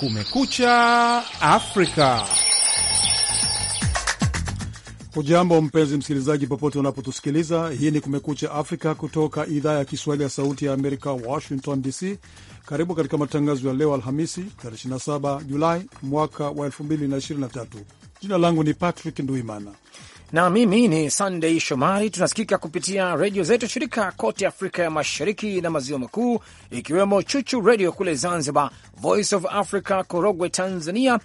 Kumekucha Afrika. Ujambo mpenzi msikilizaji, popote unapotusikiliza, hii ni Kumekucha Afrika kutoka idhaa ya Kiswahili ya Sauti ya Amerika, Washington DC. Karibu katika matangazo ya leo Alhamisi, 27 Julai mwaka wa 2023. Jina langu ni Patrick Nduimana na mimi ni Sunday Shomari. Tunasikika kupitia redio zetu shirika kote Afrika ya Mashariki na Maziwa Makuu, ikiwemo Chuchu Redio kule Zanzibar, Voice of Africa Korogwe Tanzania,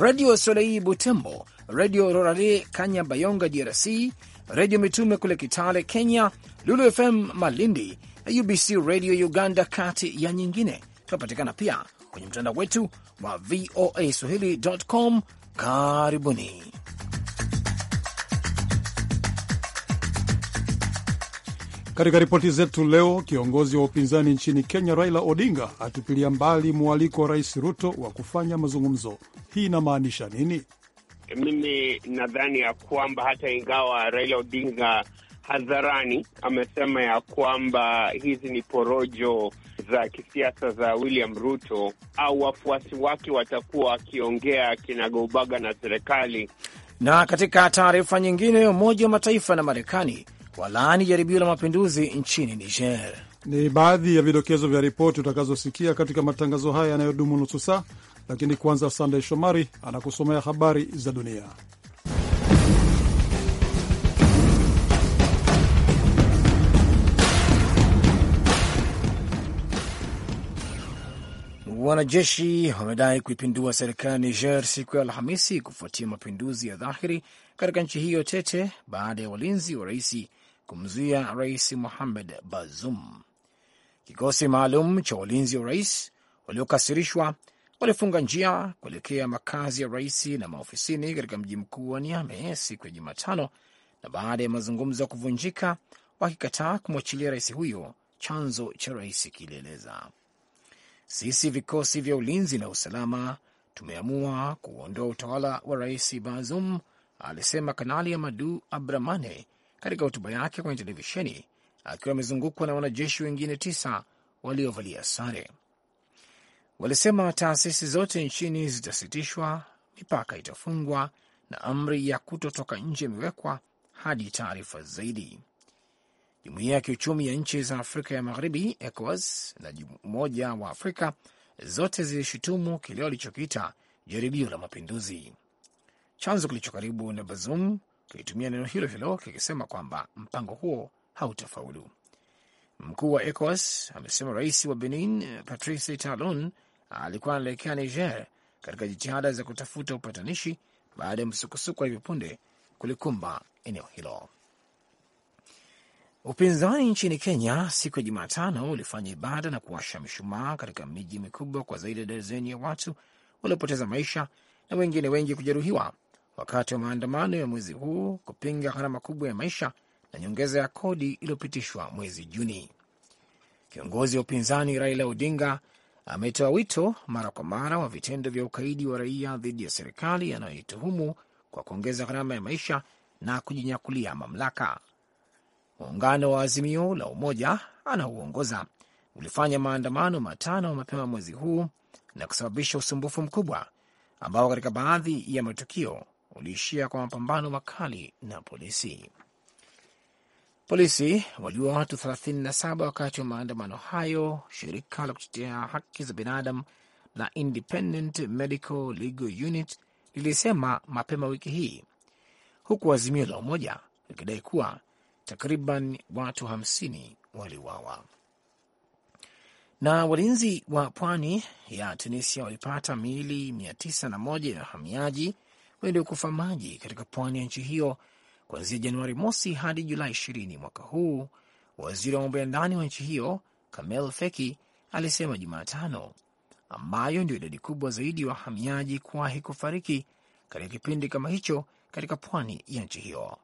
Redio Solei Butembo, Redio Rorale Kanyabayonga DRC, Redio Mitume kule Kitale Kenya, Lulu FM Malindi na UBC Redio Uganda, kati ya nyingine. Tunapatikana pia kwenye mtandao wetu wa VOA Swahili.com. Karibuni. Katika ripoti zetu leo, kiongozi wa upinzani nchini Kenya Raila Odinga atupilia mbali mwaliko wa Rais Ruto wa kufanya mazungumzo. Hii inamaanisha nini? Mimi nadhani ya kwamba hata ingawa Raila Odinga hadharani amesema ya kwamba hizi ni porojo za kisiasa za William Ruto au wafuasi wake watakuwa wakiongea kinagaubaga na serikali. Na katika taarifa nyingine, Umoja wa Mataifa na Marekani walaani jaribio la mapinduzi nchini Niger. Ni baadhi ya vidokezo vya ripoti utakazosikia katika matangazo haya yanayodumu nusu saa, lakini kwanza, Sandey Shomari anakusomea habari za dunia. Wanajeshi wamedai kuipindua serikali Niger siku ya Alhamisi kufuatia mapinduzi ya dhahiri katika nchi hiyo tete baada ya walinzi wa rais kumzuia Rais Mohamed Bazoum. Kikosi maalum cha walinzi wa rais waliokasirishwa walifunga njia kuelekea makazi ya rais na maofisini katika mji mkuu wa Niamey siku ya Jumatano, na baada ya mazungumzo ya kuvunjika, wakikataa kumwachilia rais huyo, chanzo cha rais kilieleza. Sisi vikosi vya ulinzi na usalama tumeamua kuondoa utawala wa rais Bazum, alisema Kanali Amadu Abramane, katika hotuba yake kwenye televisheni akiwa amezungukwa na wanajeshi wengine tisa waliovalia sare. Walisema taasisi zote nchini zitasitishwa, mipaka itafungwa na amri ya kutotoka nje imewekwa hadi taarifa zaidi. Jumuiya ya kiuchumi ya nchi za Afrika ya Magharibi, ECOWAS, na Umoja wa Afrika zote zilishutumu kile walichokiita jaribio la mapinduzi. Chanzo kilicho karibu na Bazoum kilitumia neno hilo hilo kikisema kwamba mpango huo hautafaulu. Mkuu wa ECOWAS amesema rais wa Benin Patrice Talon alikuwa anaelekea Niger katika jitihada za kutafuta upatanishi baada ya msukosuko wa hivi punde kulikumba eneo hilo. Upinzani nchini Kenya siku ya Jumatano ulifanya ibada na kuwasha mishumaa katika miji mikubwa kwa zaidi ya darzeni ya watu waliopoteza maisha na wengine wengi kujeruhiwa wakati wa maandamano ya mwezi huu kupinga gharama kubwa ya maisha na nyongeza ya kodi iliyopitishwa mwezi Juni. Kiongozi wa upinzani Raila Odinga ametoa wito mara kwa mara wa vitendo vya ukaidi wa raia dhidi ya serikali yanayoituhumu kwa kuongeza gharama ya maisha na kujinyakulia mamlaka. Muungano wa Azimio la Umoja anaouongoza ulifanya maandamano matano mapema mwezi huu na kusababisha usumbufu mkubwa ambao katika baadhi ya matukio uliishia kwa mapambano makali na polisi. Polisi waliua watu 37 wakati wa maandamano hayo. Shirika la kutetea haki za binadamu la Independent Medical Legal Unit lilisema mapema wiki hii, huku azimio la Umoja likidai kuwa takriban watu 50 waliuawa. Na walinzi wa pwani ya Tunisia walipata miili 901 ya wahamiaji waliokufa maji katika pwani ya nchi hiyo kuanzia Januari mosi hadi Julai ishirini mwaka huu, waziri wa mambo ya ndani wa nchi hiyo Kamel Feki alisema Jumatano, ambayo ndio idadi kubwa zaidi ya wahamiaji kuwahi kufariki katika kipindi kama hicho katika pwani ya nchi hiyo.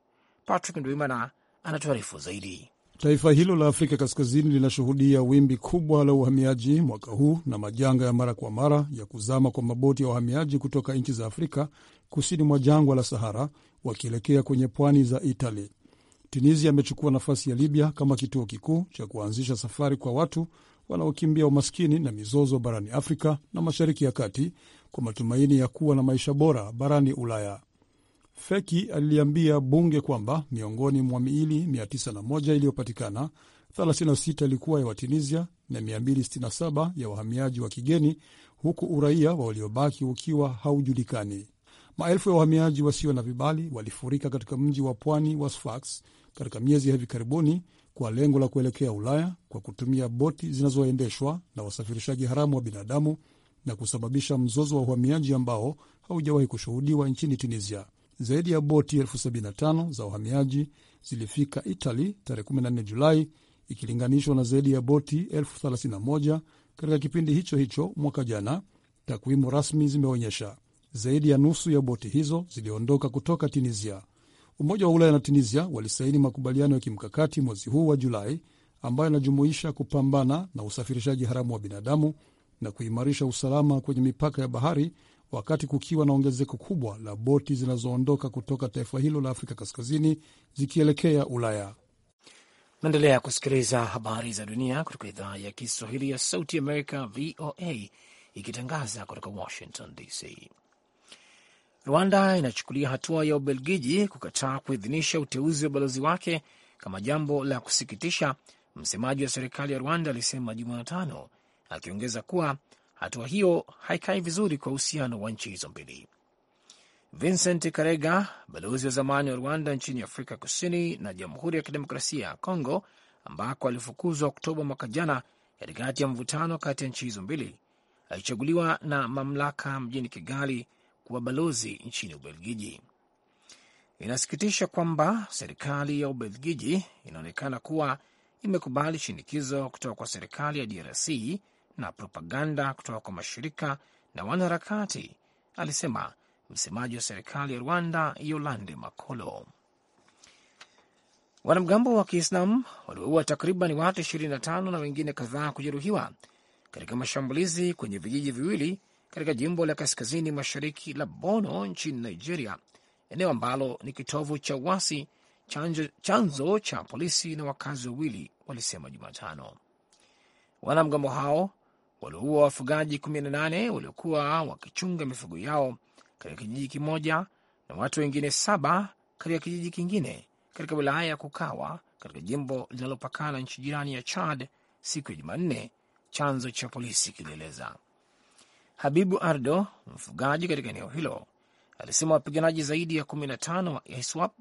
Patrick Ndwimana anatuarifu zaidi. Taifa hilo la Afrika Kaskazini linashuhudia wimbi kubwa la uhamiaji mwaka huu na majanga ya mara kwa mara ya kuzama kwa maboti ya wahamiaji kutoka nchi za Afrika kusini mwa jangwa la Sahara wakielekea kwenye pwani za Itali. Tunisia amechukua nafasi ya Libya kama kituo kikuu cha kuanzisha safari kwa watu wanaokimbia umaskini na mizozo barani Afrika na Mashariki ya Kati kwa matumaini ya kuwa na maisha bora barani Ulaya. Feki aliliambia bunge kwamba miongoni mwa miili 901 iliyopatikana, 36 ilikuwa ya Watunisia na 267 ya wahamiaji wa kigeni, huku uraia wa waliobaki ukiwa haujulikani. Maelfu ya wahamiaji wasio na vibali walifurika katika mji wa pwani wa Sfax katika miezi ya hivi karibuni kwa lengo la kuelekea Ulaya kwa kutumia boti zinazoendeshwa na wasafirishaji haramu wa binadamu na kusababisha mzozo wa uhamiaji ambao haujawahi kushuhudiwa nchini Tunisia. Zaidi ya boti elfu sabini na tano za uhamiaji zilifika Itali tarehe 14 Julai ikilinganishwa na zaidi ya boti elfu thelathini na moja katika kipindi hicho hicho mwaka jana, takwimu rasmi zimeonyesha. Zaidi ya nusu ya boti hizo ziliondoka kutoka Tunisia. Umoja wa Ulaya na Tunisia walisaini makubaliano ya kimkakati mwezi huu wa Julai ambayo yanajumuisha kupambana na usafirishaji haramu wa binadamu na kuimarisha usalama kwenye mipaka ya bahari, wakati kukiwa na ongezeko kubwa la boti zinazoondoka kutoka taifa hilo la Afrika Kaskazini zikielekea Ulaya. Naendelea kusikiliza habari za dunia kutoka idhaa ya Kiswahili ya Sauti Amerika, VOA, ikitangaza kutoka Washington DC. Rwanda inachukulia hatua ya Ubelgiji kukataa kuidhinisha uteuzi wa balozi wake kama jambo la kusikitisha, msemaji wa serikali ya Rwanda alisema Jumatano, akiongeza kuwa hatua hiyo haikai vizuri kwa uhusiano wa nchi hizo mbili. Vincent Karega, balozi wa zamani wa Rwanda nchini Afrika Kusini na Jamhuri ya Kidemokrasia ya Kongo, ambako alifukuzwa Oktoba mwaka jana katikati ya mvutano kati ya nchi hizo mbili, alichaguliwa na mamlaka mjini Kigali wa balozi nchini Ubelgiji. Inasikitisha kwamba serikali ya Ubelgiji inaonekana kuwa imekubali shinikizo kutoka kwa serikali ya DRC na propaganda kutoka kwa mashirika na wanaharakati, alisema msemaji wa serikali ya Rwanda Yolande Makolo. Wanamgambo wa kiislam walioua takriban watu 25 na wengine kadhaa kujeruhiwa katika mashambulizi kwenye vijiji viwili katika jimbo la kaskazini mashariki la Bono nchini Nigeria, eneo ambalo ni kitovu cha uasi. Chanzo, chanzo cha polisi na wakazi wawili walisema Jumatano. Wanamgambo hao waliua wafugaji 18 waliokuwa wakichunga mifugo yao katika kijiji kimoja na watu wengine saba katika kijiji kingine katika wilaya ya Kukawa katika jimbo linalopakana nchi jirani ya Chad siku ya Jumanne, chanzo cha polisi kilieleza. Habibu Ardo, mfugaji katika eneo hilo, alisema wapiganaji zaidi ya 15 wa ISWAP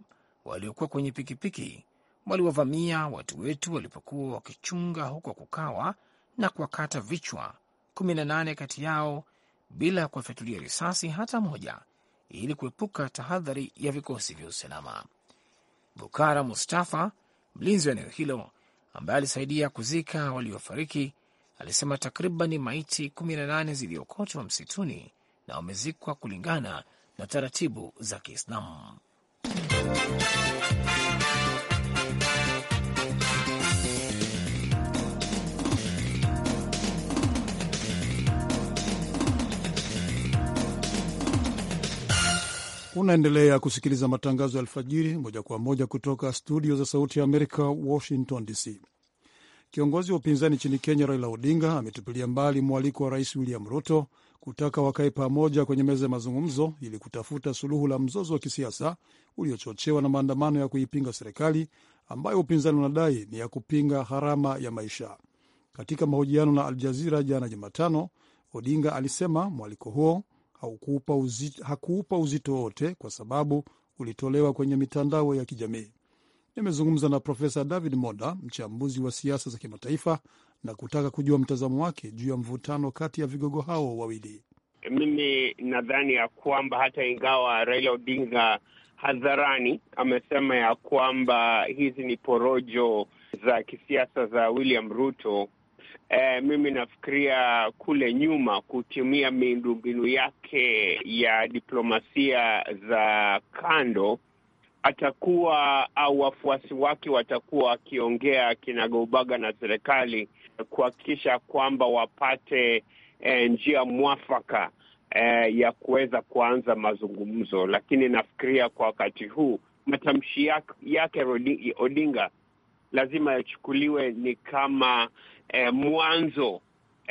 waliokuwa kwenye pikipiki waliwavamia watu wetu walipokuwa wakichunga huko Kukawa na kuwakata vichwa 18 kati yao bila kuwafyatulia risasi hata moja ili kuepuka tahadhari ya vikosi vya usalama. Bukara Mustafa, mlinzi wa eneo hilo, ambaye alisaidia kuzika waliofariki, alisema takriban maiti 18 ziliokotwa msituni na wamezikwa kulingana na taratibu za Kiislamu. Unaendelea kusikiliza matangazo ya alfajiri moja kwa moja kutoka studio za Sauti ya Amerika, Washington DC. Kiongozi wa upinzani nchini Kenya Raila Odinga ametupilia mbali mwaliko wa Rais William Ruto kutaka wakae pamoja kwenye meza ya mazungumzo ili kutafuta suluhu la mzozo wa kisiasa uliochochewa na maandamano ya kuipinga serikali ambayo upinzani unadai ni ya kupinga gharama ya maisha. Katika mahojiano na Aljazira jana Jumatano, Odinga alisema mwaliko huo hakuupa uzito wowote kwa sababu ulitolewa kwenye mitandao ya kijamii. Nimezungumza na Profesa David Moda, mchambuzi wa siasa za kimataifa, na kutaka kujua mtazamo wake juu ya mvutano kati ya vigogo hao wawili. Mimi nadhani ya kwamba hata ingawa Raila Odinga hadharani amesema ya kwamba hizi ni porojo za kisiasa za William Ruto, e, mimi nafikiria kule nyuma kutumia miundombinu yake ya diplomasia za kando atakuwa au wafuasi wake watakuwa wakiongea kinagaubaga na serikali kuhakikisha kwamba wapate e, njia mwafaka e, ya kuweza kuanza mazungumzo, lakini nafikiria kwa wakati huu matamshi yake, yake Odinga lazima yachukuliwe ni kama e, mwanzo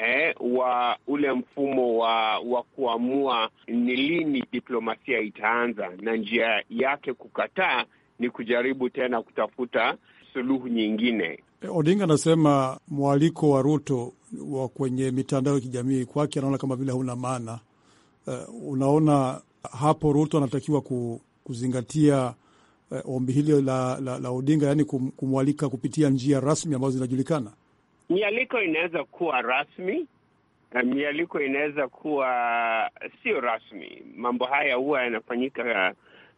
eh, wa ule mfumo wa, wa kuamua ni lini diplomasia itaanza, na njia yake kukataa ni kujaribu tena kutafuta suluhu nyingine. Odinga anasema mwaliko wa Ruto wa kwenye mitandao ya kijamii kwake anaona kama vile hauna maana. Uh, unaona hapo Ruto anatakiwa kuzingatia uh, ombi hili la, la, la Odinga, yaani kumwalika kupitia njia rasmi ambazo zinajulikana mialiko inaweza kuwa rasmi, eh, mialiko inaweza kuwa eh, sio rasmi. Mambo haya huwa yanafanyika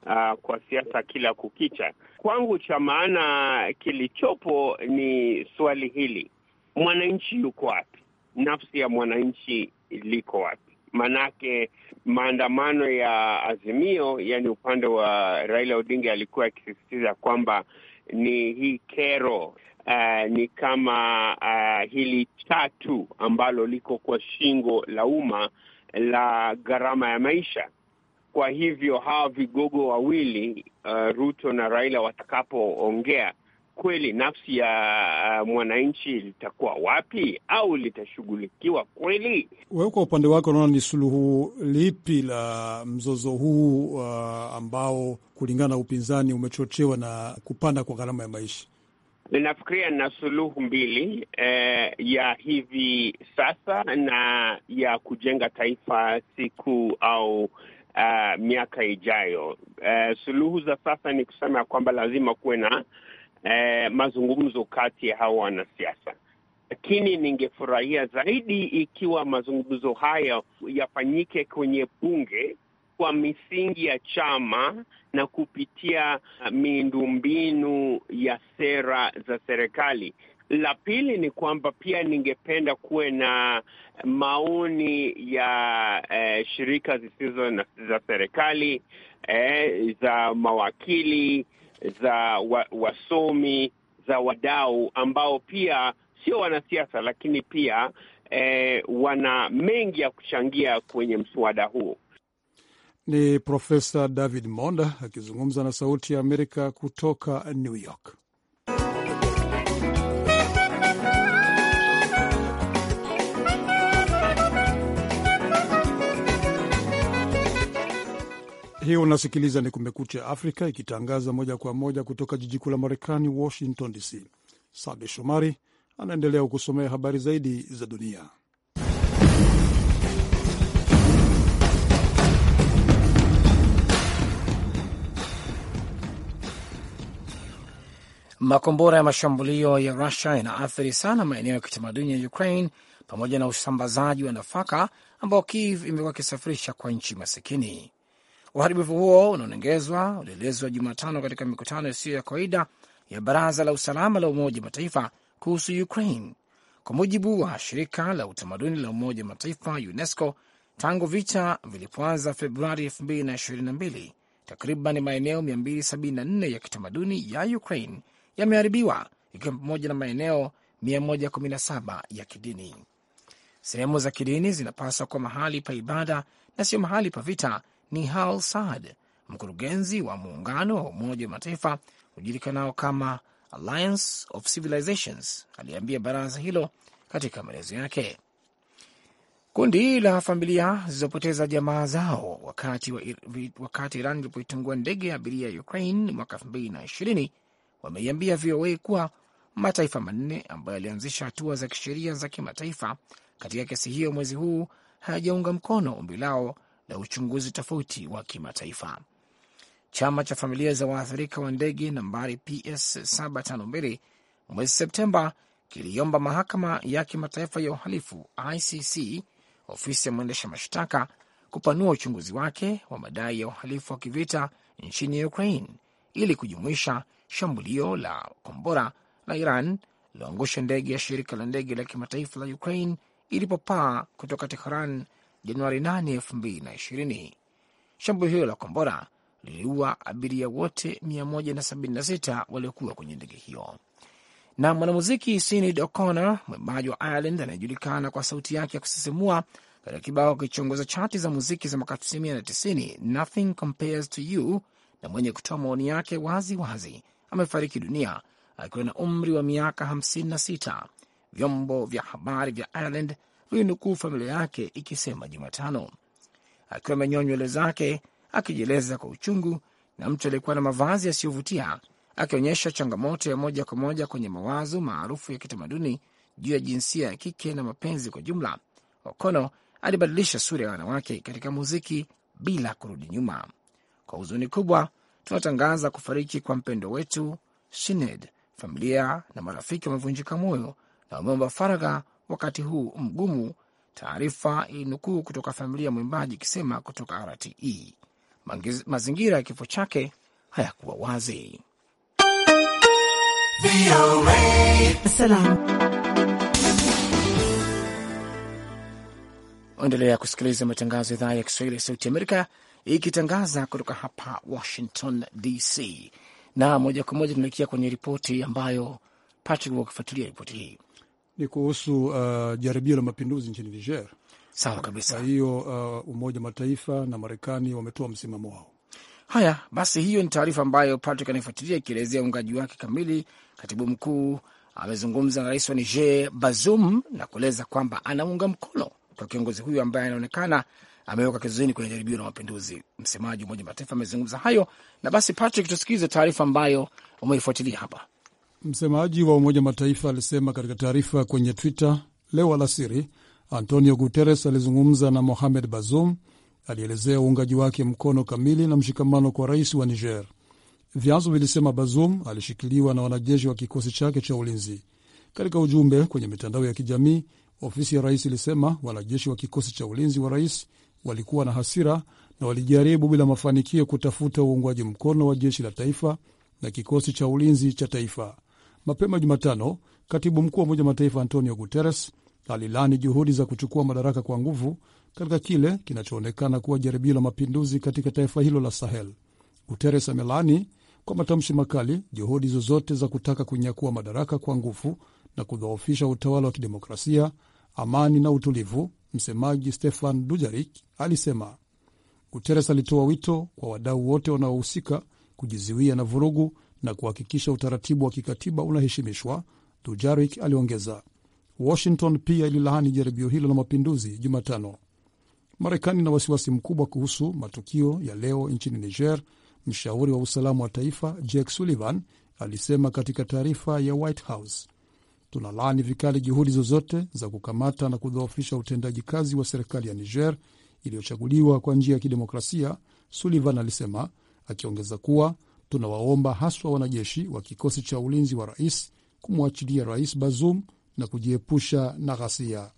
uh, kwa siasa kila kukicha. Kwangu cha maana kilichopo ni swali hili, mwananchi yuko wapi? Nafsi ya mwananchi liko wapi? Maanake maandamano ya Azimio, yani upande wa Raila Odinga, alikuwa akisisitiza kwamba ni hii kero uh, ni kama uh, hili tatu ambalo liko kwa shingo la umma la gharama ya maisha. Kwa hivyo hawa vigogo wawili uh, Ruto na Raila watakapoongea kweli, nafsi ya uh, mwananchi litakuwa wapi au litashughulikiwa kweli? Wewe kwa upande wake unaona ni suluhu lipi la mzozo huu uh, ambao kulingana na upinzani umechochewa na kupanda kwa gharama ya maisha? Ninafikiria na suluhu mbili eh, ya hivi sasa na ya kujenga taifa siku au uh, miaka ijayo. Eh, suluhu za sasa ni kusema ya kwamba lazima kuwe na eh, mazungumzo kati ya hawa wanasiasa, lakini ningefurahia zaidi ikiwa mazungumzo hayo yafanyike kwenye bunge kwa misingi ya chama na kupitia uh, miundombinu ya sera za serikali. La pili ni kwamba pia ningependa kuwe na maoni ya eh, shirika zisizo na, za serikali eh, za mawakili za wa, wasomi za wadau ambao pia sio wanasiasa lakini pia eh, wana mengi ya kuchangia kwenye mswada huo. Ni Profesa David Monda akizungumza na Sauti ya Amerika kutoka New York. Hii unasikiliza ni Kumekucha Afrika ikitangaza moja kwa moja kutoka jiji kuu la Marekani, Washington DC. Sande Shomari anaendelea kukusomea habari zaidi za dunia. Makombora ya mashambulio ya Rusia yanaathiri sana maeneo ya kitamaduni ya Ukraine pamoja na usambazaji wa nafaka ambao Kiev imekuwa ikisafirisha kwa nchi masikini. Uharibifu huo unaonengezwa ulielezwa Jumatano katika mikutano isiyo ya kawaida ya Baraza la Usalama la Umoja wa Mataifa kuhusu Ukraine. Kwa mujibu wa shirika la utamaduni la Umoja wa Mataifa UNESCO, tangu vita vilipoanza Februari 2022 takriban maeneo 274 ya kitamaduni ya Ukraine yameharibiwa ikiwa pamoja na maeneo 117 ya kidini. Sehemu za kidini zinapaswa kuwa mahali pa ibada na sio mahali pa vita, ni Hal Saad, mkurugenzi wa muungano wa Umoja wa Mataifa hujulikanao kama Alliance of Civilizations, aliambia baraza hilo katika maelezo yake. Kundi la familia zilizopoteza jamaa zao wakati, wa, wakati Iran ilipoitungua ndege ya abiria ya Ukraine mwaka elfu mbili na ishirini wameiambia VOA kuwa mataifa manne ambayo yalianzisha hatua za kisheria za kimataifa katika kesi hiyo mwezi huu hayajaunga mkono ombi lao la uchunguzi tofauti wa kimataifa. Chama cha familia za waathirika wa ndege nambari PS 752 mwezi Septemba kiliomba mahakama ya kimataifa ya uhalifu ICC, ofisi ya mwendesha mashtaka, kupanua uchunguzi wake wa madai ya uhalifu wa kivita nchini Ukraine ili kujumuisha shambulio la kombora la Iran liloangusha ndege ya shirika la ndege la kimataifa la Ukraine ilipopaa kutoka Tehran Januari 8, 2020. Shambulio hilo la kombora liliua abiria wote 176 waliokuwa kwenye ndege hiyo. Na mwanamuziki Sinead O'Connor, mwimbaji wa Ireland anayejulikana kwa sauti yake ya kusisimua katika kibao kilichoongoza chati za muziki za mwaka 1990 Nothing Compares to You, na mwenye kutoa maoni yake wazi wazi amefariki dunia akiwa na umri wa miaka 56. Vyombo vya habari vya Ireland vilinukuu familia yake ikisema Jumatano, akiwa amenyoa nywele zake akijieleza kwa uchungu na mtu aliyekuwa na mavazi yasiyovutia, akionyesha changamoto ya moja kwa moja kwenye mawazo maarufu ya kitamaduni juu ya jinsia ya kike na mapenzi kwa jumla. Okono alibadilisha sura ya wanawake katika muziki bila kurudi nyuma. Kwa huzuni kubwa, tunatangaza kufariki kwa mpendo wetu Shined. Familia na marafiki wamevunjika moyo na wameomba faragha wakati huu mgumu. Taarifa ilinukuu kutoka familia mwimbaji ikisema kutoka RTE. mazingira ya kifo chake hayakuwa wazi. Endelea kusikiliza matangazo ya idhaa ya Kiswahili ya Sauti Amerika ikitangaza kutoka hapa Washington DC. Na moja kwa moja tunaelekea kwenye ripoti ambayo Patrick wakifuatilia ripoti hii ni kuhusu uh, jaribio la mapinduzi nchini Niger. Sawa kabisa. Kwa hiyo uh, Umoja wa Mataifa na Marekani wametoa msimamo wao. Haya basi, hiyo ni taarifa ambayo Patrick anaifuatilia ikielezea uungaji wake kamili. Katibu mkuu amezungumza na rais wa Niger Bazoum na kueleza kwamba anaunga mkono kwa kiongozi huyu ambaye anaonekana amewekwa kizuizini kwenye jaribio la mapinduzi. Msemaji wa Umoja Mataifa amezungumza hayo. Na basi, Patrick, tusikilize taarifa ambayo umeifuatilia hapa. Msemaji wa Umoja Mataifa alisema katika taarifa kwenye Twitter leo alasiri, Antonio Guterres alizungumza na Mohamed Bazoum alielezea uungaji wake mkono kamili na mshikamano kwa rais wa Niger. Vyanzo vilisema Bazoum alishikiliwa na wanajeshi wa kikosi chake cha ulinzi. Katika ujumbe kwenye mitandao ya kijamii, ofisi ya rais ilisema wanajeshi wa kikosi cha ulinzi wa rais walikuwa na hasira na walijaribu bila mafanikio kutafuta uungwaji mkono wa jeshi la taifa na kikosi cha ulinzi cha taifa. Mapema Jumatano, katibu mkuu wa Umoja Mataifa Antonio Guterres alilani juhudi za kuchukua madaraka kwa nguvu katika kile kinachoonekana kuwa jaribio la mapinduzi katika taifa hilo la Sahel. Guterres amelani kwa matamshi makali juhudi zozote za kutaka kunyakua madaraka kwa nguvu na kudhoofisha utawala wa kidemokrasia, amani na utulivu Msemaji Stefan Dujarik alisema Guteres alitoa wito kwa wadau wote wanaohusika kujizuia na vurugu na kuhakikisha utaratibu wa kikatiba unaheshimishwa. Dujarik aliongeza. Washington pia ililaani jaribio hilo la mapinduzi Jumatano. Marekani ina wasiwasi mkubwa kuhusu matukio ya leo nchini Niger, mshauri wa usalama wa taifa Jake Sullivan alisema katika taarifa ya White House tunalaani vikali juhudi zozote za kukamata na kudhoofisha utendaji kazi wa serikali ya Niger iliyochaguliwa kwa njia ya kidemokrasia, Sullivan alisema, akiongeza kuwa tunawaomba haswa wanajeshi wa kikosi cha ulinzi wa rais kumwachilia Rais Bazoum na kujiepusha na ghasia.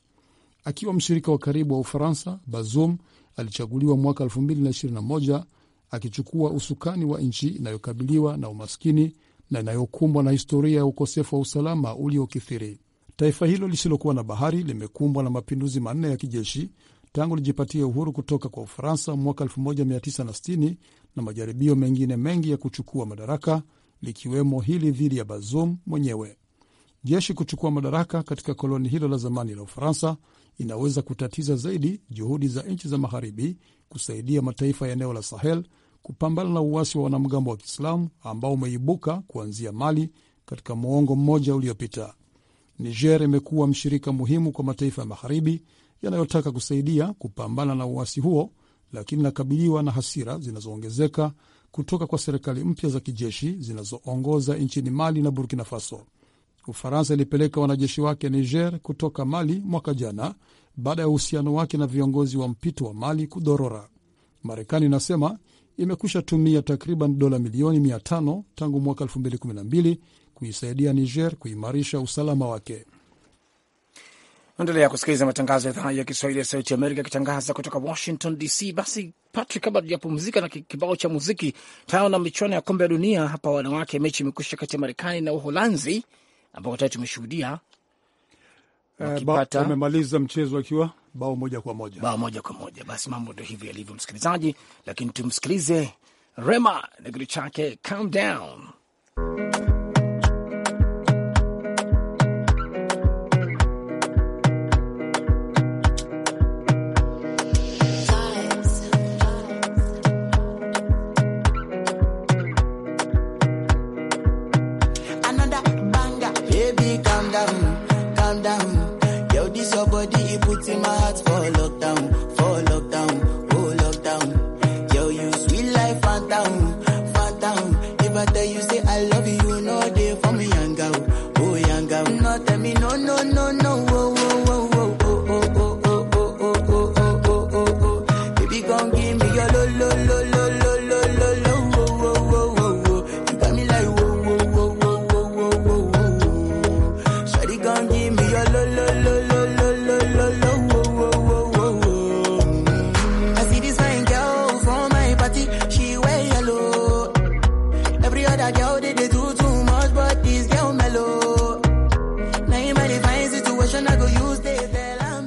Akiwa mshirika wa karibu wa Ufaransa, Bazoum alichaguliwa mwaka 2021 akichukua usukani wa nchi inayokabiliwa na umaskini na inayokumbwa na historia ya ukosefu wa usalama uliokithiri. Taifa hilo lisilokuwa na bahari limekumbwa na mapinduzi manne ya kijeshi tangu lijipatia uhuru kutoka kwa Ufaransa mwaka 1960 na majaribio mengine mengi ya kuchukua madaraka likiwemo hili dhidi ya Bazoum mwenyewe. Jeshi kuchukua madaraka katika koloni hilo la zamani la Ufaransa inaweza kutatiza zaidi juhudi za nchi za magharibi kusaidia mataifa ya eneo la Sahel kupambana na uasi wa wanamgambo wa Kiislamu ambao umeibuka kuanzia Mali katika muongo mmoja uliopita. Niger imekuwa mshirika muhimu kwa mataifa ya magharibi yanayotaka kusaidia kupambana na uasi huo, lakini inakabiliwa na hasira zinazoongezeka kutoka kwa serikali mpya za kijeshi zinazoongoza nchini Mali na Burkina Faso. Ufaransa ilipeleka wanajeshi wake Niger kutoka Mali mwaka jana baada ya uhusiano wake na viongozi wa mpito wa Mali kudorora. Marekani inasema imekwisha tumia takriban dola milioni 500 tangu mwaka 2012 kuisaidia Niger kuimarisha usalama wake. Endelea kusikiliza matangazo ya idhaa ya Kiswahili ya Sauti Amerika ikitangaza kutoka Washington DC. Basi Patrick, kabla tujapumzika na kibao cha muziki, tano na michuano ya kombe ya dunia hapa wanawake, mechi imekwisha kati ya Marekani na Uholanzi ambao tayari tumeshuhudia eh, wamemaliza mchezo akiwa bao moja kwa moja, bao moja kwa moja. Basi mambo ndio hivi yalivyo, msikilizaji, lakini tumsikilize Rema na kitu chake calm down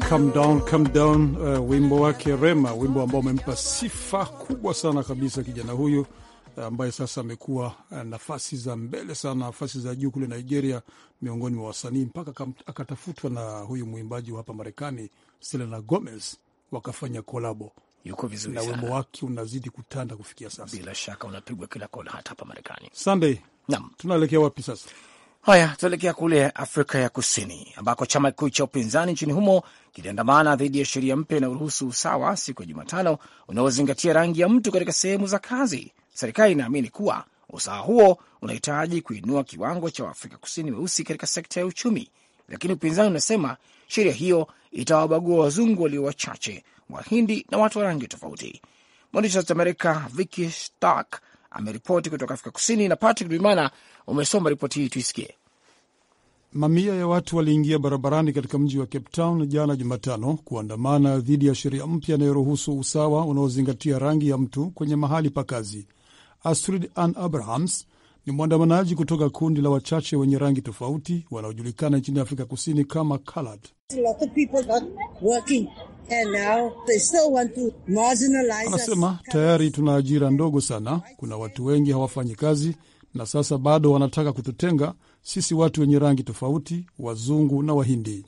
Come down, come down, uh, wimbo wake Rema, wimbo ambao umempa sifa kubwa sana kabisa kijana huyu uh, ambaye sasa amekuwa uh, nafasi za mbele sana, nafasi za juu kule Nigeria, miongoni mwa wasanii mpaka akatafutwa na huyu mwimbaji wa hapa Marekani Selena Gomez, wakafanya kolabo yuko vizuri na wimbo wake unazidi kutanda kufikia sasa. Bila shaka unapigwa kila kona, hata hapa Marekani. Sunday, naam, tunaelekea wapi sasa? Haya, tuelekea kule Afrika ya Kusini ambako chama kikuu cha upinzani nchini humo kiliandamana dhidi ya sheria mpya inayoruhusu usawa siku ya Jumatano unaozingatia rangi ya mtu katika sehemu za kazi. Serikali inaamini kuwa usawa huo unahitaji kuinua kiwango cha Waafrika Kusini weusi katika sekta ya uchumi, lakini upinzani unasema sheria hiyo itawabagua wazungu walio wachache, Wahindi na watu wa rangi tofauti. Mwandishi wa Amerika Vicky Stark ameripoti kutoka Afrika Kusini, na Patrick Duimana umesoma ripoti hii, tuisikie. Mamia ya watu waliingia barabarani katika mji wa Cape Town jana Jumatano kuandamana dhidi ya sheria mpya inayoruhusu usawa unaozingatia rangi ya mtu kwenye mahali pa kazi. Astrid Ann Abrahams ni mwandamanaji kutoka kundi la wachache wenye rangi tofauti wanaojulikana nchini Afrika Kusini kama colored. Anasema tayari tuna ajira ndogo sana, kuna watu wengi hawafanyi kazi, na sasa bado wanataka kututenga sisi watu wenye rangi tofauti, wazungu na Wahindi.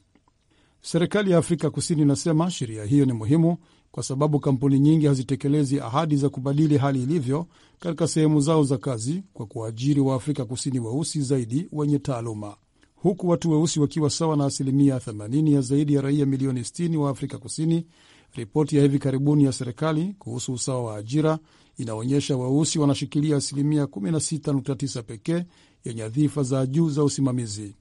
Serikali ya Afrika Kusini inasema sheria hiyo ni muhimu kwa sababu kampuni nyingi hazitekelezi ahadi za kubadili hali ilivyo katika sehemu zao za kazi kwa kuajiri Waafrika Kusini weusi zaidi wenye taaluma, huku watu weusi wakiwa sawa na asilimia 80 ya zaidi ya raia milioni 60 wa Afrika Kusini. Ripoti ya hivi karibuni ya serikali kuhusu usawa wa ajira inaonyesha weusi wanashikilia asilimia 16.9 pekee ya nyadhifa za juu za usimamizi.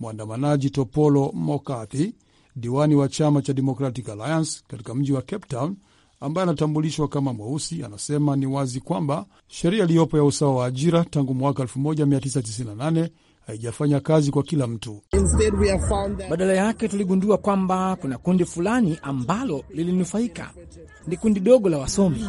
Mwandamanaji Topolo Mokati diwani wa chama cha Democratic Alliance katika mji wa Cape Town ambaye anatambulishwa kama mweusi anasema ni wazi kwamba sheria iliyopo ya usawa wa ajira tangu mwaka 1998 haijafanya kazi kwa kila mtu. Badala yake tuligundua kwamba kuna kundi fulani ambalo lilinufaika, ni kundi dogo la wasomi.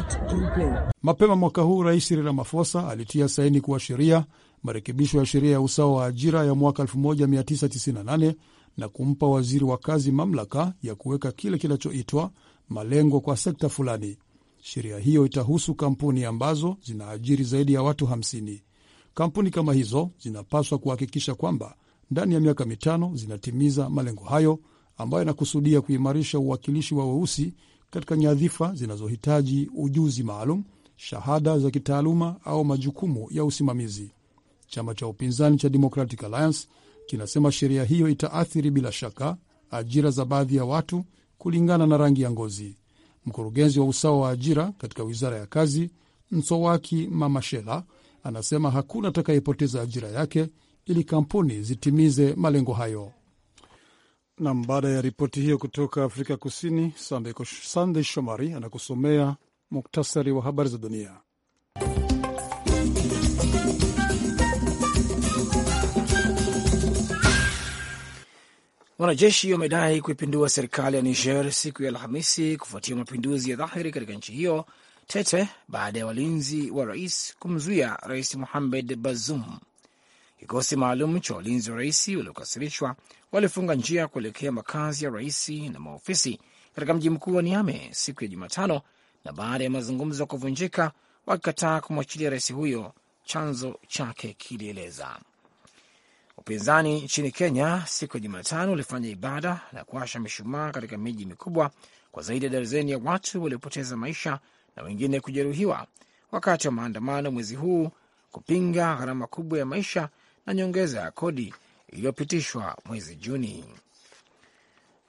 Mapema mwaka huu Rais Cyril Ramaphosa alitia saini kuwa sheria marekebisho ya sheria ya usawa wa ajira ya mwaka 1998 na kumpa waziri wa kazi mamlaka ya kuweka kile kinachoitwa malengo kwa sekta fulani. Sheria hiyo itahusu kampuni ambazo zinaajiri zaidi ya watu 50. Kampuni kama hizo zinapaswa kuhakikisha kwamba ndani ya miaka mitano zinatimiza malengo hayo ambayo yanakusudia kuimarisha uwakilishi wa weusi katika nyadhifa zinazohitaji ujuzi maalum, shahada za kitaaluma au majukumu ya usimamizi. Chama cha upinzani cha Democratic Alliance kinasema sheria hiyo itaathiri bila shaka ajira za baadhi ya watu kulingana na rangi ya ngozi. Mkurugenzi wa usawa wa ajira katika wizara ya kazi Msowaki Mamashela anasema hakuna atakayepoteza ajira yake ili kampuni zitimize malengo hayo. Nam, baada ya ripoti hiyo kutoka Afrika Kusini, Sandey Shomari anakusomea muktasari wa habari za dunia. Wanajeshi wamedai kuipindua serikali ya Niger siku ya Alhamisi kufuatia mapinduzi ya dhahiri katika nchi hiyo tete baada ya walinzi wa rais kumzuia Rais Mohamed Bazoum. Kikosi maalum cha walinzi wa rais waliokasirishwa walifunga njia kuelekea makazi ya rais na maofisi katika mji mkuu wa Niame siku ya Jumatano, na baada ya mazungumzo kuvunjika, wakikataa kumwachilia rais huyo, chanzo chake kilieleza. Upinzani nchini Kenya siku ya Jumatano ulifanya ibada na kuasha mishumaa katika miji mikubwa kwa zaidi ya darzeni ya watu waliopoteza maisha na wengine kujeruhiwa wakati wa maandamano mwezi huu kupinga gharama kubwa ya maisha na nyongeza ya kodi iliyopitishwa mwezi Juni.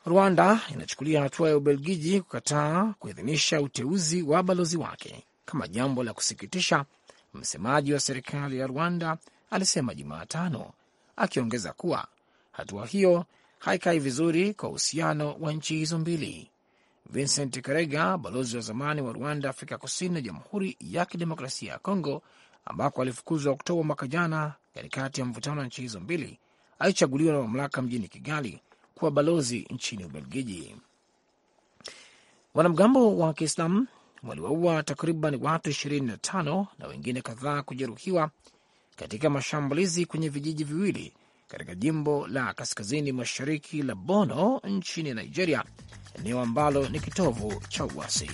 Rwanda inachukulia hatua ya Ubelgiji kukataa kuidhinisha uteuzi wa balozi wake kama jambo la kusikitisha, msemaji wa serikali ya Rwanda alisema Jumatano, akiongeza kuwa hatua hiyo haikai vizuri kwa uhusiano wa nchi hizo mbili. Vincent Karega, balozi wa zamani wa Rwanda Afrika Kusini na Jamhuri ya Kidemokrasia ya Kongo, ambako alifukuzwa Oktoba mwaka jana katikati ya mvutano wa nchi hizo mbili, alichaguliwa na mamlaka mjini Kigali kuwa balozi nchini Ubelgiji. Wanamgambo wa Kiislamu waliwaua takriban watu 25 na wengine kadhaa kujeruhiwa katika mashambulizi kwenye vijiji viwili katika jimbo la kaskazini mashariki la Bono nchini Nigeria, eneo ambalo ni kitovu cha uasi.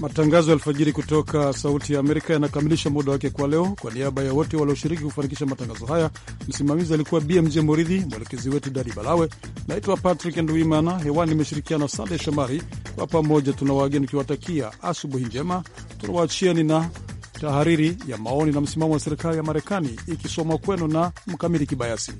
Matangazo ya alfajiri kutoka Sauti ya Amerika yanakamilisha muda wake kwa leo. Kwa niaba ya wote walioshiriki kufanikisha matangazo haya, msimamizi alikuwa BMJ Moridhi, mwelekezi wetu Dadi Balawe. Naitwa Patrick Nduimana, hewani imeshirikiana sandey Shomari. Kwa pamoja tuna wageni tukiwatakia asubuhi njema, tunawaachieni na tahariri ya maoni na msimamo wa serikali ya Marekani ikisomwa kwenu na Mkamili Kibayasi.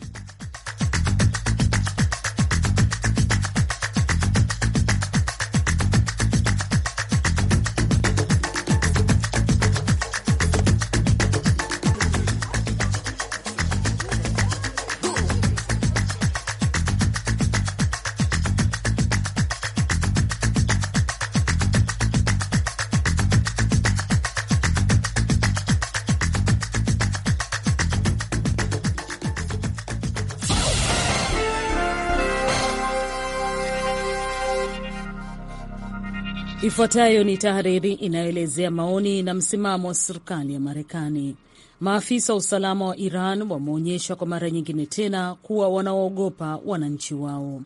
Ifuatayo ni tahariri inayoelezea maoni na msimamo wa serikali ya Marekani. Maafisa wa usalama wa Iran wameonyesha kwa mara nyingine tena kuwa wanaoogopa wananchi wao.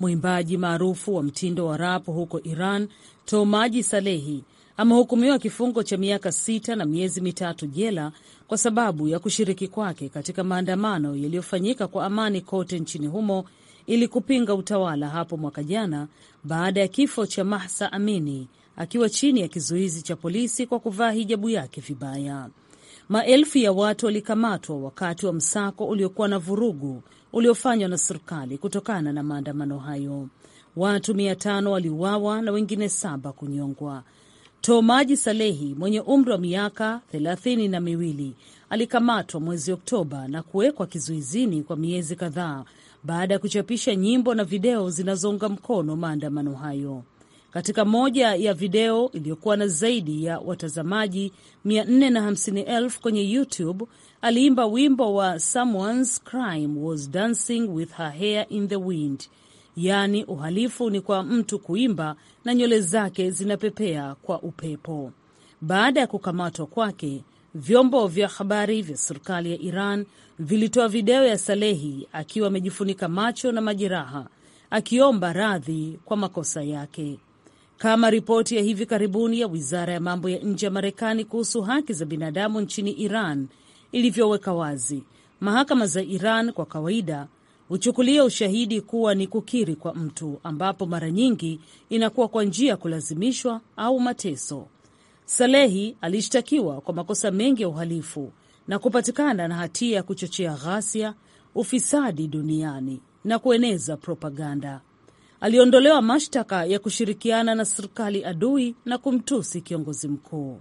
Mwimbaji maarufu wa mtindo wa rap huko Iran, Tomaji Salehi amehukumiwa kifungo cha miaka sita na miezi mitatu jela kwa sababu ya kushiriki kwake katika maandamano yaliyofanyika kwa amani kote nchini humo ili kupinga utawala hapo mwaka jana baada ya kifo cha Mahsa Amini akiwa chini ya kizuizi cha polisi kwa kuvaa hijabu yake vibaya. Maelfu ya watu walikamatwa wakati wa msako uliokuwa na vurugu uliofanywa na serikali kutokana na maandamano hayo. Watu mia tano waliuawa na wengine saba kunyongwa. Tomaji Salehi mwenye umri wa miaka thelathini na miwili alikamatwa mwezi Oktoba na kuwekwa kizuizini kwa miezi kadhaa baada ya kuchapisha nyimbo na video zinazounga mkono maandamano hayo. Katika moja ya video iliyokuwa na zaidi ya watazamaji 450,000 kwenye YouTube, aliimba wimbo wa Someone's crime was dancing with her hair in the wind, yaani uhalifu ni kwa mtu kuimba na nywele zake zinapepea kwa upepo. Baada ya kukamatwa kwake, Vyombo vya habari vya serikali ya Iran vilitoa video ya Salehi akiwa amejifunika macho na majeraha akiomba radhi kwa makosa yake. Kama ripoti ya hivi karibuni ya wizara ya mambo ya nje ya Marekani kuhusu haki za binadamu nchini Iran ilivyoweka wazi, mahakama za Iran kwa kawaida huchukulia ushahidi kuwa ni kukiri kwa mtu, ambapo mara nyingi inakuwa kwa njia ya kulazimishwa au mateso. Salehi alishtakiwa kwa makosa mengi ya uhalifu na kupatikana na hatia ya kuchochea ghasia, ufisadi duniani na kueneza propaganda. Aliondolewa mashtaka ya kushirikiana na serikali adui na kumtusi kiongozi mkuu.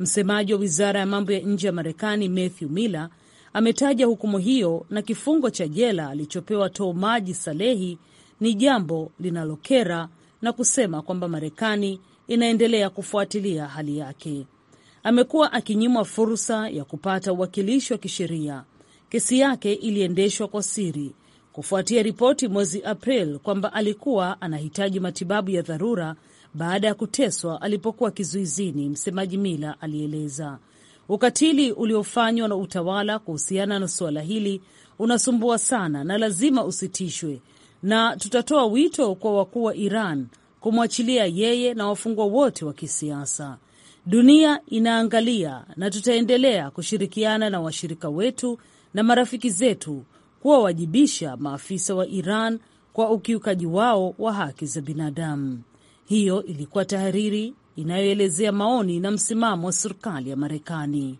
Msemaji wa wizara ya mambo ya nje ya Marekani Matthew Miller ametaja hukumu hiyo na kifungo cha jela alichopewa Toumaji Salehi ni jambo linalokera na kusema kwamba Marekani inaendelea kufuatilia hali yake. Amekuwa akinyimwa fursa ya kupata uwakilishi wa kisheria. Kesi yake iliendeshwa kwa siri kufuatia ripoti mwezi April kwamba alikuwa anahitaji matibabu ya dharura baada ya kuteswa alipokuwa kizuizini. Msemaji Mila alieleza ukatili uliofanywa na utawala kuhusiana na suala hili unasumbua sana na lazima usitishwe, na tutatoa wito kwa wakuu wa Iran kumwachilia yeye na wafungwa wote wa kisiasa. Dunia inaangalia na tutaendelea kushirikiana na washirika wetu na marafiki zetu kuwawajibisha maafisa wa Iran kwa ukiukaji wao wa haki za binadamu. Hiyo ilikuwa tahariri inayoelezea maoni na msimamo wa serikali ya Marekani.